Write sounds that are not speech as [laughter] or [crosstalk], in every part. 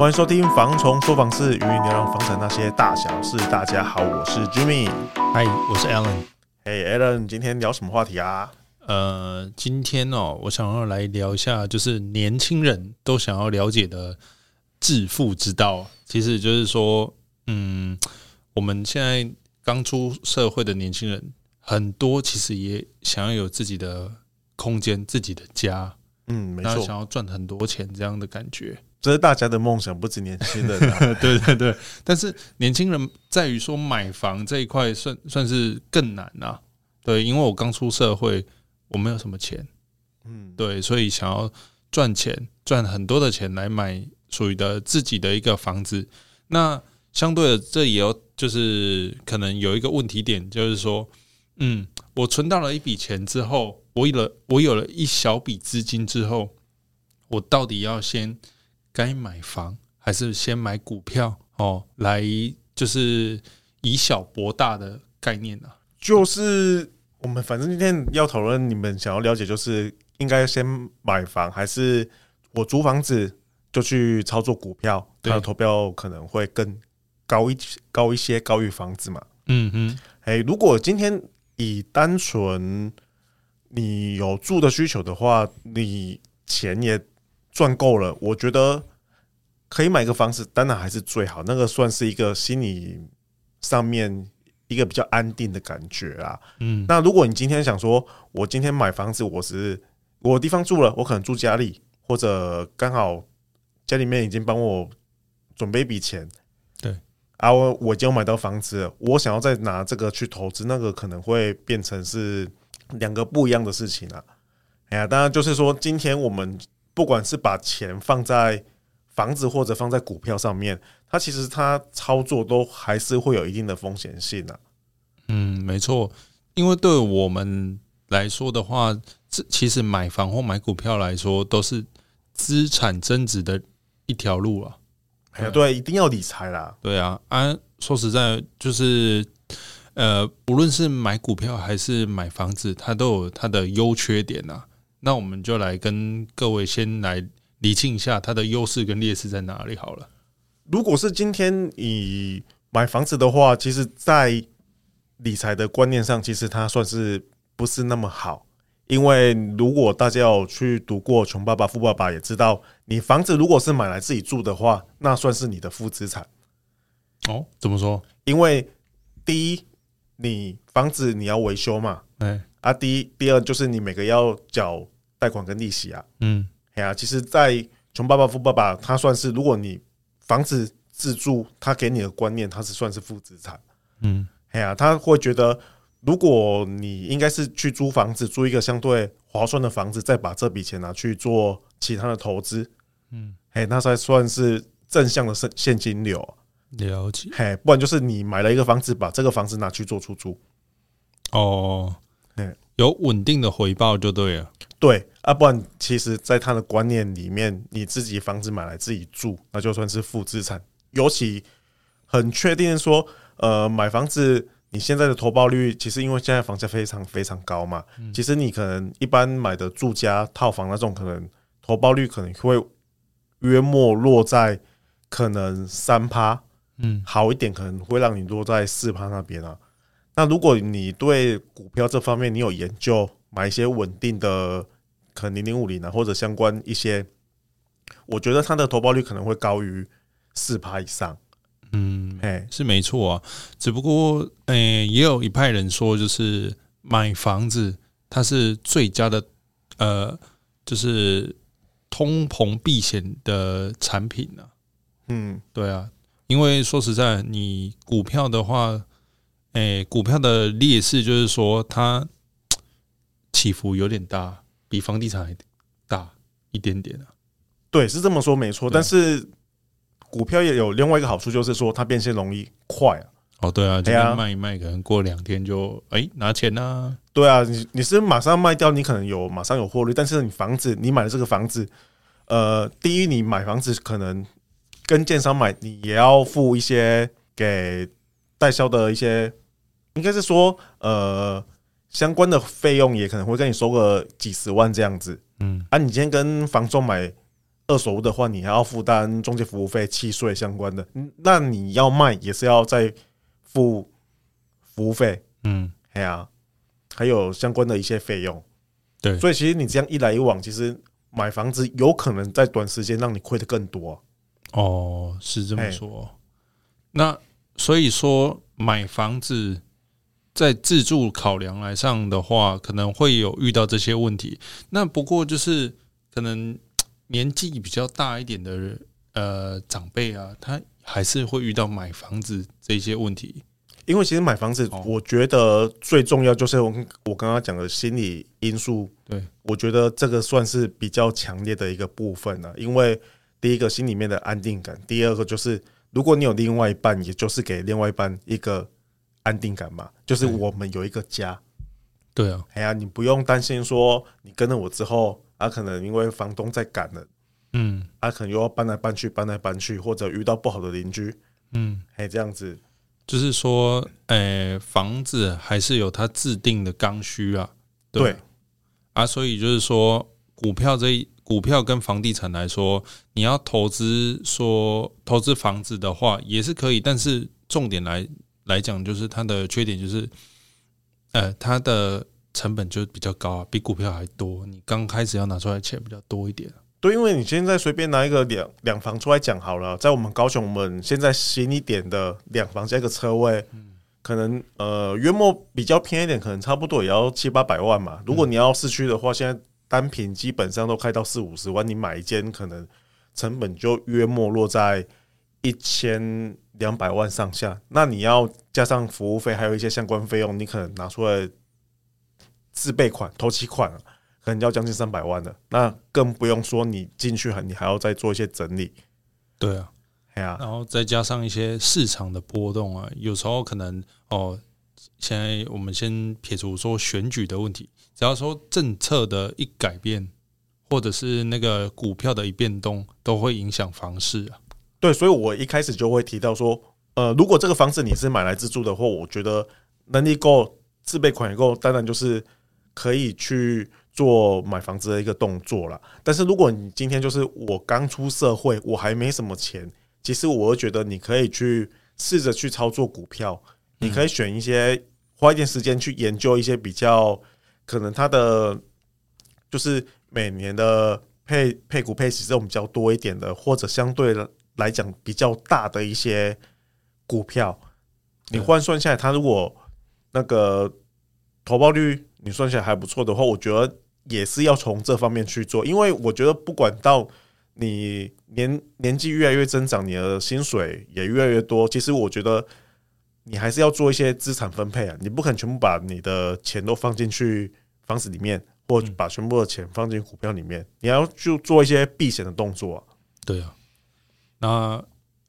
歡迎收聽房從《房蟲說房事》，與你聊聊房產那些大小事。大家好，我是 Jimmy。Hi，我是 Alan。Hey，Alan，你今天聊什麼話題啊？呃，今天哦，我想要來聊一下，就是年輕人都想要了解的致富之道。其實，就是說，嗯，我們現在剛出社會的年輕人，很多其實也想要有自己的空間、自己的家。嗯，沒錯，想要賺很多錢這樣的感覺。這是大家的夢想，不止年輕人啊， [laughs] 對對對。但是年輕人在於說買房這一塊，算算是更難啊。對，因為我剛出社會，我沒有什麼錢，嗯，對，所以想要賺錢，賺很多的錢來買屬於的自己的一個房子。那相對的，這也有就是可能有一個問題點，就是說，嗯，我存到了一筆錢之後，我有了，我有了一小筆資金之後，我到底要先。該買房還是先買股票哦？來就是以小博大的概念呢、啊？就是我們反正今天要討論，你們想要了解，就是應該先買房還是我租房子就去操作股票？它的投報可能會更高一高一些，高於房子嘛？嗯嗯。哎、欸，如果今天以單純你有住的需求的話，你錢也。賺夠了，我覺得可以買個房子，當然還是最好。那個算是一個心理上面一個比較安定的感覺啊。嗯，那如果你今天想說，我今天買房子，我是我地方住了，我可能住家裡，或者剛好家裡面已經幫我準備一筆錢。對啊，我我已經有買到房子，我想要再拿這個去投資，那個可能會變成是兩個不一樣的事情啊。哎呀，當然就是說今天我們。不管是把錢放在房子或者放在股票上面，它其實它操作都還是會有一定的風險性的啊。嗯，沒錯，因為對我們來說的話，這其實買房或買股票來說都是資產增值的一條路啊。對，一定要理財啦。對啊，啊，說實在，就是呃，不論是買股票還是買房子，它都有它的優缺點吶啊。那我們就來跟各位先來理清一下它的優勢跟劣勢在哪裡好了。如果是今天你買房子的話，其實，在理財的觀念上，其實它算是不是那麼好？因為如果大家有去讀過《窮爸爸》《富爸爸》，也知道你房子如果是買來自己住的話，那算是你的負資產。哦，怎麼說？因為第一，你房子你要維修嘛，欸。啊，第一、第二就是你每個要繳貸款跟利息啊。嗯，哎啊，其實，在窮爸爸富爸爸，他算是如果你房子自住，他給你的觀念，他是算是負資產。嗯，哎啊，他會覺得如果你應該是去租房子，租一個相對划算的房子，再把這筆錢拿去做其他的投資。嗯，哎，那才算是正向的現金流啊。了解。哎，不然就是你買了一個房子，把這個房子拿去做出租。哦。有穩定的回報就對了。對，對啊，不然其實，在他的觀念裡面，你自己房子買來自己住，那就算是負資產。尤其很確定說，呃，買房子，你現在的投報率，其實因為現在房價非常非常高嘛，嗯、其實你可能一般買的住家套房那種，可能投報率可能會約莫落在可能三趴，嗯，好一點可能會讓你落在四趴那邊啊。那如果你對股票這方面你有研究，買一些穩定的，可能零零五零啊，或者相關一些，我覺得它的投報率可能會高於四趴以上。嗯，哎、欸，是沒錯啊。只不過，哎、欸，也有一派人說，就是買房子它是最佳的，呃，就是通膨避險的產品呢、啊。嗯，對啊，因為說實在，你股票的話。哎、欸，股票的劣勢就是說它起伏有點大，比房地產還大一點點啊。對，是這麼說沒錯，對啊。但是股票也有另外一個好處，就是說它變現容易快啊。哦，對啊，賣賣，對啊，對賣一賣可能過兩天就哎、欸，拿錢啊。對啊，你你是馬上賣掉，你可能有馬上有獲利。但是你房子，你買的這個房子，呃，第一，你買房子可能跟建商買，你也要付一些給代銷的一些。應該是說，呃，相關的費用也可能會跟你收個幾十萬這樣子，嗯，啊，你今天跟房東買二手屋的話，你還要負擔中介服務費、契稅相關的，那你要賣也是要再付服務費，嗯，對啊，還有相關的一些費用，對，所以其實你這樣一來一往，其實買房子有可能在短時間讓你虧得更多，啊。哦，是這麼說，欸、那所以說買房子。在自住考量來上的話，可能會有遇到這些問題。那不過就是可能年紀比較大一點的人呃長輩啊，他還是會遇到買房子這些問題。因為其實買房子，哦、我覺得最重要就是我我剛剛講的心理因素。對，我覺得這個算是比較強烈的一個部分了、啊。因為第一個心裡面的安定感，第二個就是如果你有另外一半，也就是給另外一半一個。安定感嘛，就是我們有一個家，嗯、對啊。哎呀、啊，你不用擔心說你跟了我之後，啊，可能因為房東在趕了，嗯，他、啊、可能又要搬來搬去，搬來搬去，或者遇到不好的鄰居，嗯，哎，這樣子，就是說，哎、欸，房子還是有它制定的剛需啊，對，對，啊，所以就是說，股票這一股票跟房地產來說，你要投資說投資房子的話也是可以，但是重點來。來講，就是它的缺點就是，呃，它的成本就比較高啊，比股票還多。你剛開始要拿出來錢比較多一點，啊，對，因為你現在隨便拿一個兩兩房出來講好了，在我們高雄，我們現在新一點的兩房加一個車位，嗯、可能呃約莫比較偏一點，可能差不多也要七八百萬嘛。如果你要市區的話、嗯，現在單品基本上都開到四五十萬，你買一間可能成本就約莫落在一千。兩百萬上下，那你要加上服務費，還有一些相關費用，你可能拿出來自備款、頭期款、啊，可能要將近三百萬的。那更不用說你進去你還要再做一些整理。對啊，對啊，然後再加上一些市場的波動啊，有時候可能哦，現在我們先撇除說選舉的問題，只要說政策的一改變，或者是那個股票的一變動，都會影響房市啊。對，所以，我一開始就會提到說，呃，如果這個房子你是買來自住的話，我覺得能力夠、自備款也夠，當然就是可以去做買房子的一個動作啦。但是，如果你今天就是我剛出社會，我還沒什麼錢，其實我覺得你可以去試着去操作股票。嗯，你可以選一些，花一點時間去研究一些比較可能它的就是每年的配配股配息這種比較多一點的，或者相對的。來講比較大的一些股票，你換算下來，它如果那個投報率你算起來還不錯的話，我覺得也是要從這方面去做。因為我覺得，不管到你年年紀越來越增長，你的薪水也越來越多，其實我覺得你還是要做一些資產分配啊，你不肯全部把你的錢都放進去房子裡面，或把全部的錢放進股票裡面，你要去做一些避險的動作啊。對啊。那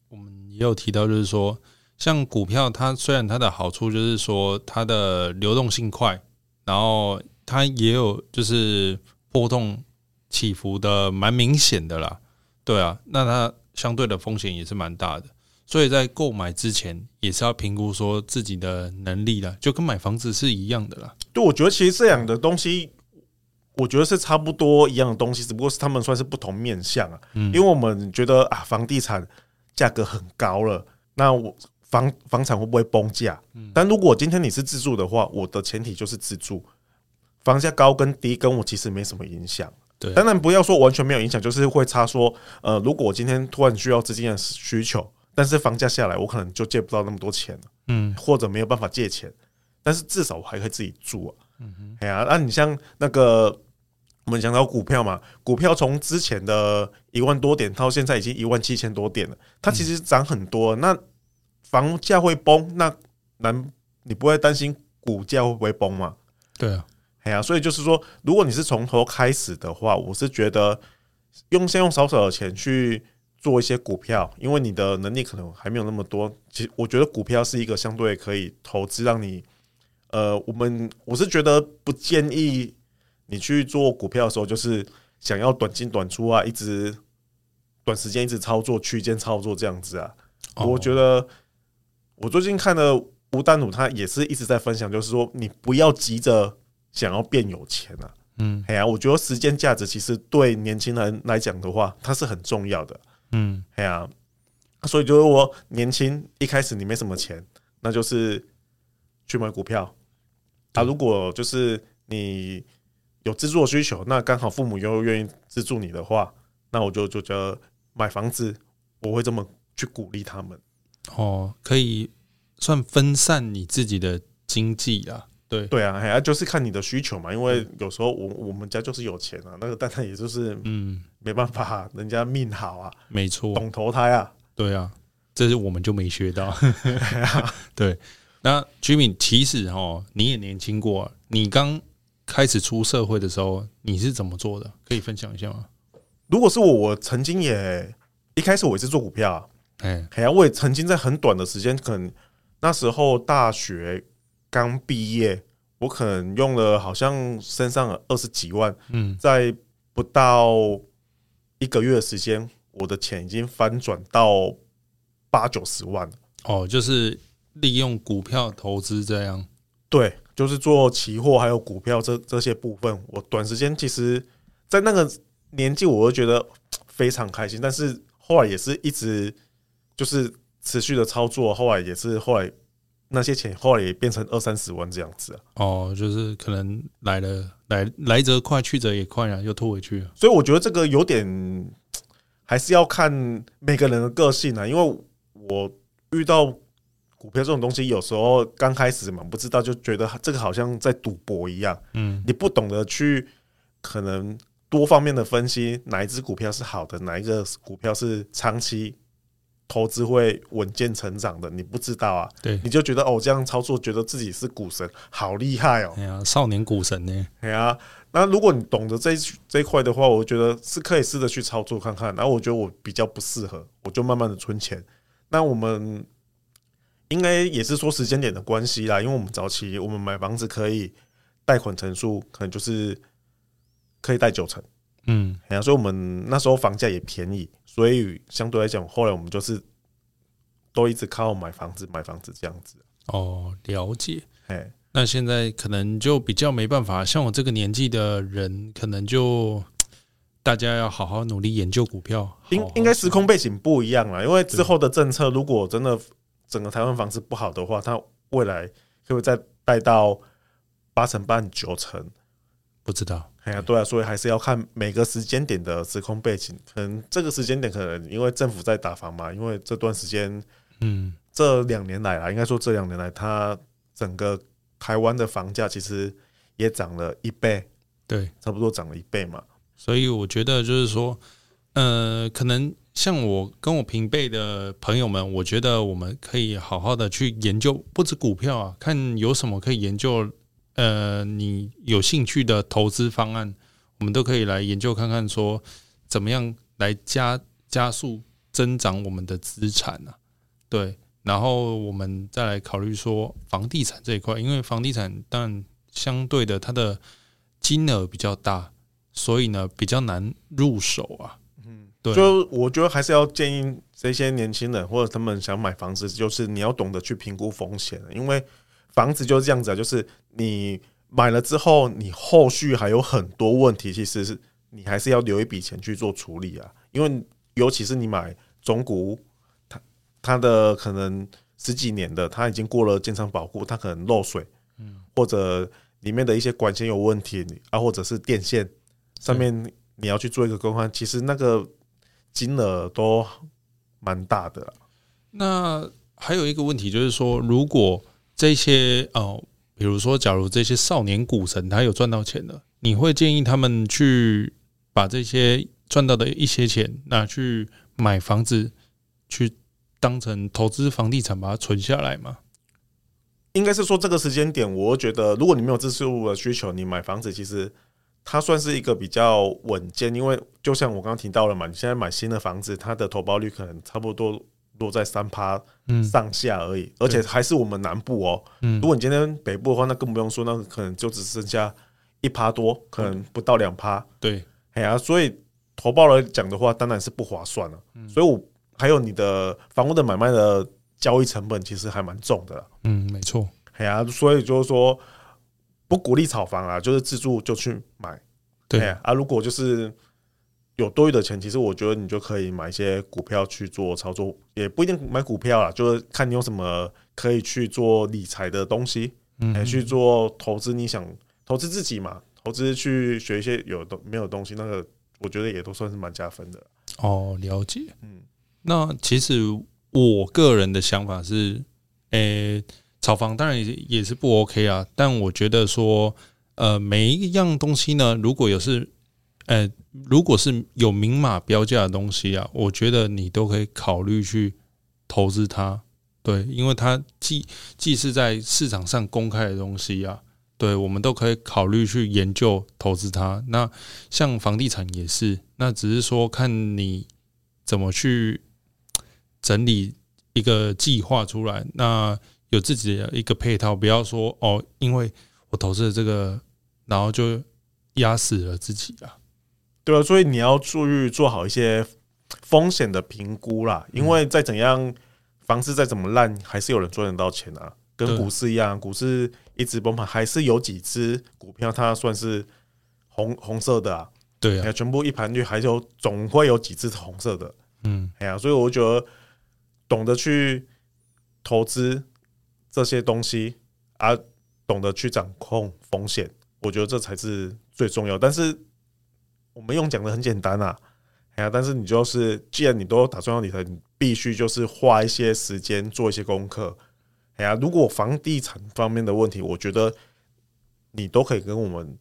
我們也有提到，就是說，像股票，它雖然它的好處就是說，它的流動性快，然後它也有就是波動起伏的蠻明顯的啦，對啊，那它相對的風險也是蠻大的，所以在購買之前也是要評估說自己的能力啦，就跟買房子是一樣的啦。對，我覺得其實這樣的東西。我覺得是差不多一樣的東西，只不過是他們算是不同面向啊。因為我們覺得啊，房地產價格很高了，那我房房產會不會崩價？但如果今天你是自住的話，我的前提就是自住，房價高跟低跟我其實沒什麼影響。對，當然不要說完全沒有影響，就是會差說，呃，如果我今天突然需要資金的需求，但是房價下來，我可能就借不到那麼多錢了。嗯，或者沒有辦法借錢，但是至少我還可以自己住啊。嗯哼，哎呀、啊，那你像那個我們講到股票嘛，股票從之前的一萬多點到現在已經一萬七千多點了，它其實漲很多。那房價會崩，那難你不會擔心股價會不會崩嗎？對啊，哎呀、啊，所以就是說，如果你是從頭開始的話，我是覺得用先用少少的錢去做一些股票，因為你的能力可能還沒有那麼多。其實我覺得股票是一個相對可以投資，讓你。呃，我們我是覺得不建議你去做股票的時候，就是想要短進短出啊，一直短時間一直操作、區間操作這樣子啊、哦。我覺得我最近看了吳淡如，他也是一直在分享，就是說你不要急着想要變有錢啊。嗯，哎呀、啊，我覺得時間價值其實對年輕人來講的話，它是很重要的。嗯，哎呀、啊，所以就是我年輕一開始你沒什麼錢，那就是去買股票。他、啊、如果就是你有資助的需求，那剛好父母又願意資助你的話，那我就就覺得買房子，我會這麼去鼓勵他們。哦，可以算分散你自己的經濟啊。對對啊，哎、啊，就是看你的需求嘛。因為有時候我我們家就是有錢啊，那個但他也就是嗯，沒辦法，人家命好啊，嗯、沒錯，懂投胎啊。對啊，這是我們就沒學到。 [laughs] 對,啊、 [laughs] 對。那 Jimmy，其實哦，你也年輕過。你剛開始出社會的時候，你是怎麼做的？可以分享一下嗎？如果是我，我曾經也一開始我也是做股票，哎、嘿啊，還我也曾經在很短的時間，可能那時候大學剛畢業，我可能用了好像身上二十幾萬，嗯，在不到一個月的時間，我的錢已經翻轉到八九十萬哦，就是。利用股票投資這樣，對，就是做期貨還有股票這這些部分。我短時間其實，在那個年紀，我會覺得非常開心。但是後來也是一直就是持續的操作，後來也是後來那些錢後來也變成二三十萬這樣子哦，就是可能來了來來則快，去則也快啊，又拖回去。所以我覺得這個有點還是要看每個人的個性啊，因為我遇到。股票這種東西，有時候剛開始嘛，不知道，就覺得這個好像在賭博一樣。嗯，你不懂得去可能多方面的分析，哪一隻股票是好的，哪一個股票是長期投資會穩健成長的，你不知道啊。對，你就覺得哦，這樣操作，覺得自己是股神，好厲害哦。對啊，少年股神呢？對啊，那如果你懂得這一這一塊的話，我覺得是可以試着去操作看看。然後我覺得我比較不適合，我就慢慢的存錢。那我們。應該也是說時間點的關係啦，因為我們早期我們買房子可以貸款成數，可能就是可以貸九成，嗯，然後所以我們那時候房價也便宜，所以相對來講，後來我們就是都一直靠買房子買房子這樣子。哦，了解，哎，那現在可能就比較沒辦法，像我這個年紀的人，可能就大家要好好努力研究股票。應應該時空背景不一樣啦，因為之後的政策如果真的。整個台灣房子不好的話，它未來會不會再貸到八成半、九成？不知道。哎呀、啊，對啊，所以還是要看每個時間點的時空背景。可能這個時間點，可能因為政府在打房嘛。因為這段時間，嗯，這兩年來啊，應該說這兩年來，它整個台灣的房價其實也漲了一倍，對，差不多漲了一倍嘛。所以我覺得就是說，呃，可能。像我跟我平輩的朋友們，我覺得我們可以好好的去研究，不止股票啊，看有什麼可以研究。呃，你有興趣的投資方案，我們都可以來研究看看，說怎麼樣來加加速增長我們的資產啊。對，然後我們再來考慮說房地產這一塊，因為房地產當然相對的它的金額比較大，所以呢比較難入手啊。對，就我覺得還是要建議這些年輕人或者他們想買房子，就是你要懂得去評估風險，因為房子就是這樣子啊，就是你買了之後，你後續還有很多問題，其實是你還是要留一筆錢去做處理啊，因為尤其是你買中古屋，它它的可能十幾年的，它已經過了建商保固，它可能漏水，嗯，或者裡面的一些管線有問題啊，或者是電線上面你要去做一個更換，其實那個。金額都蠻大的，那還有一個問題就是說，如果這些哦，比如說假如這些少年股神他有賺到錢的，你會建議他們去把這些賺到的一些錢拿去買房子，去當成投資房地產把它存下來嗎？應該是說，這個時間點，我覺得如果你沒有自住的需求，你買房子其實。它算是一個比較穩健，因為就像我剛剛提到了嘛，你現在買新的房子，它的投報率可能差不多落在三趴上下而已，嗯，而且還是我們南部哦，嗯。如果你今天北部的話，那更不用說，那個，可能就只剩下一趴多，可能不到兩趴，嗯。對，哎呀，啊，所以投報來講的話，當然是不划算了，嗯。所以我還有你的房屋的買賣的交易成本，其實還蠻重的。嗯，沒錯。哎呀，啊，所以就是說。不鼓勵炒房啊，就是自住就去買，對、哎、啊。如果就是有多餘的錢，其實我覺得你就可以買一些股票去做操作，也不一定買股票啊，就是看你有什麼可以去做理財的東西，嗯、哎，去做投資。你想投資自己嘛？投資去學一些有的沒有的東西，那個我覺得也都算是蠻加分的。哦，了解。嗯，那其實我個人的想法是，誒、欸。炒房當然也也是不 OK 啊，但我覺得說，呃，每一樣東西呢，如果有是，呃，如果是有明碼標價的東西啊，我覺得你都可以考慮去投資它，對，因為它既既是在市場上公開的東西啊，對，我們都可以考慮去研究投資它。那像房地產也是，那只是說看你怎麼去整理一個計劃出來，那。有自己的一個配套，不要說哦，因為我投資的這個，然後就壓死了自己啊。對啊，所以你要注意做好一些風險的評估啦。因為再怎樣，房子再怎麼爛，還是有人賺得到錢啊。跟股市一樣，股市一直崩盤，還是有幾隻股票它算是紅紅色的啊。對啊，全部一盤綠，還有總會有幾隻紅色的。嗯，哎呀，所以我覺得懂得去投資。這些東西啊，懂得去掌控風險，我覺得這才是最重要。但是我們用講的很簡單啊，哎呀、啊，但是你就是，既然你都打算要理財，你必須就是花一些時間做一些功課。哎呀、啊，如果房地產方面的問題，我覺得你都可以跟我們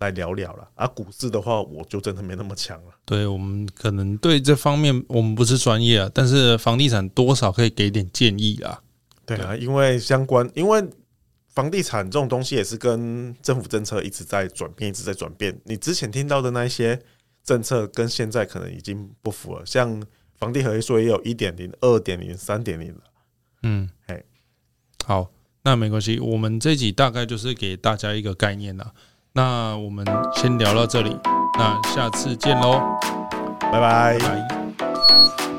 來聊聊了。啊，股市的話，我就真的沒那麼強了、啊。對，我們可能對這方面我們不是專業啊，但是房地產多少可以給點建議啊。對啊，因為相關，因為房地產這種東西也是跟政府政策一直在轉變，一直在轉變。你之前聽到的那一些政策，跟現在可能已經不符了。像房地合一稅，也有一點零、二點零、三點零了。嗯，哎，好，那沒關係。我們這集大概就是給大家一個概念啦。那我們先聊到這裡，那下次見嘍，拜拜。拜拜